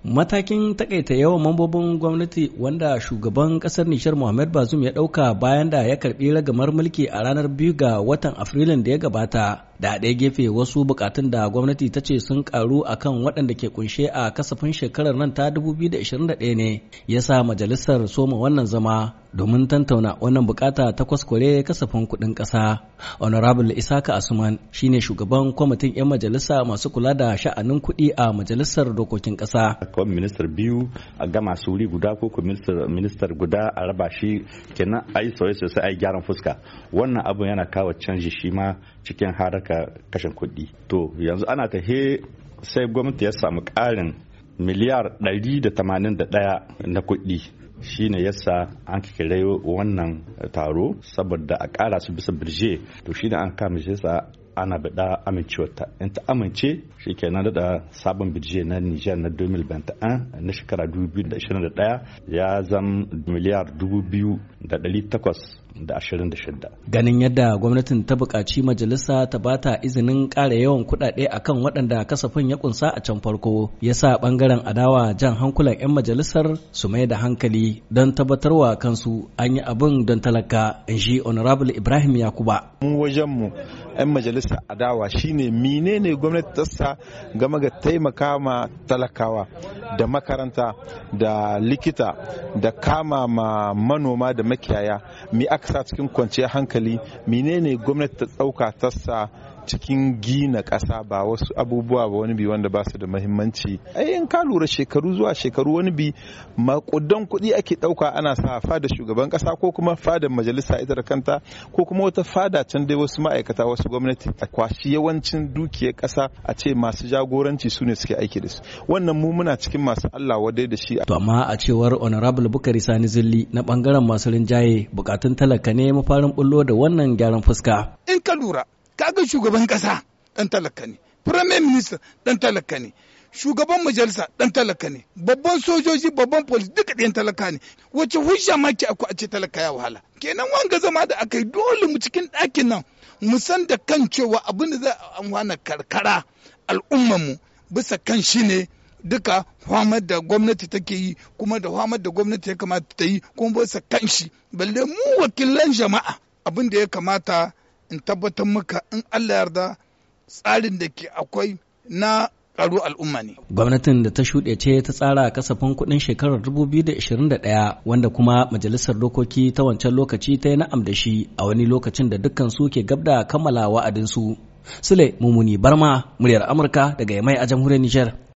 Matakin takaita yawan mambobin gwamnati wanda shugaban kasar Nishar Muhammad Bazum ya ɗauka bayan da ya karɓi ragamar mulki a ranar 2 ga watan Afrilun da ya gabata da ɗaya gefe wasu bukatun da gwamnati ta ce sun karu a kan waɗanda ke kunshe a kasafin shekarar nan ta 2021 ne ya sa majalisar soma wannan zama domin tantauna wannan bukata ta kwaskware kasafin kuɗin ƙasa honorable isaka asuman shine shugaban kwamitin 'yan majalisa masu kula da sha'anin kuɗi a majalisar dokokin ƙasa kwan ministar biyu a gama wuri guda ko ministar guda a raba shi kenan a yi sosai a yi gyaran fuska wannan abun yana kawo canji shi ma cikin haraka ka kashin kuɗi to yanzu ana ta he sai gwamnati ya samu ƙarin miliyar 181 na kuɗi ya yasa an kira wannan taro saboda a ƙara su bisa birje to shi ne an kama shi yasa ana bada amincewarta in ta amince shi ke nan da sabon birje na Nijar na 2021 na shekara 2021 ya zama miliyar 2,800 da 26 ganin yadda gwamnatin ta buƙaci majalisa ta bata izinin ƙara yawan kuɗaɗe akan waɗanda kasafin ya kunsa a can farko ya sa ɓangaren adawa jan hankulan 'yan majalisar su mai da hankali don tabbatarwa kansu an yi abin don talaka in shi honorable ibrahim yakuba mu wajenmu 'yan majalisa adawa shine menene gwamnati ta sa game ga taimaka ma talakawa da makaranta da likita da kama ma manoma da makiyaya ka sa cikin kwanciyar hankali menene gwamnati ta tsauka ta sa cikin gina kasa ba wasu abubuwa ba wani bi wanda ba su da mahimmanci ai in ka lura shekaru zuwa shekaru wani bi makudan kuɗi ake ɗauka ana sa fada shugaban kasa ko kuma fada majalisa ita da kanta ko kuma wata fada can dai wasu ma'aikata wasu gwamnati a kwashi yawancin dukiyar ƙasa a ce masu jagoranci su ne suke aiki da su wannan mu muna cikin masu Allah wadai da shi to amma a cewar honorable Bukari Sani Zilli na bangaren masu rinjaye bukatun talaka ne mafarin bullo da wannan gyaran fuska in ka lura kaga shugaban kasa dan talaka ne prime minister dan talaka ne shugaban majalisa dan talaka ne babban sojoji babban police duka dan talaka ne wace hujja ma ke aku a ce talaka ya wahala kenan wanga zama da aka yi dole mu cikin ɗakin nan mu san da kan cewa abin da za a amfana karkara mu bisa kan shi ne duka hamar da gwamnati take yi kuma da hamar da gwamnati ya kamata ta yi kuma bisa kan shi balle mu wakilan jama'a abin da ya kamata in tabbatar maka in Allah yarda tsarin da ke akwai na karu al'umma ne. Gwamnatin da ta shuɗe ce ta tsara kasafin kuɗin shekarar 2021 wanda kuma majalisar dokoki ta wancan lokaci ta yi na'am da shi a wani lokacin da dukkan su ke gab da kammala wa'adinsu. Sule Mumuni Barma, muryar Amurka daga Yamai a jamhuriyar Nijar.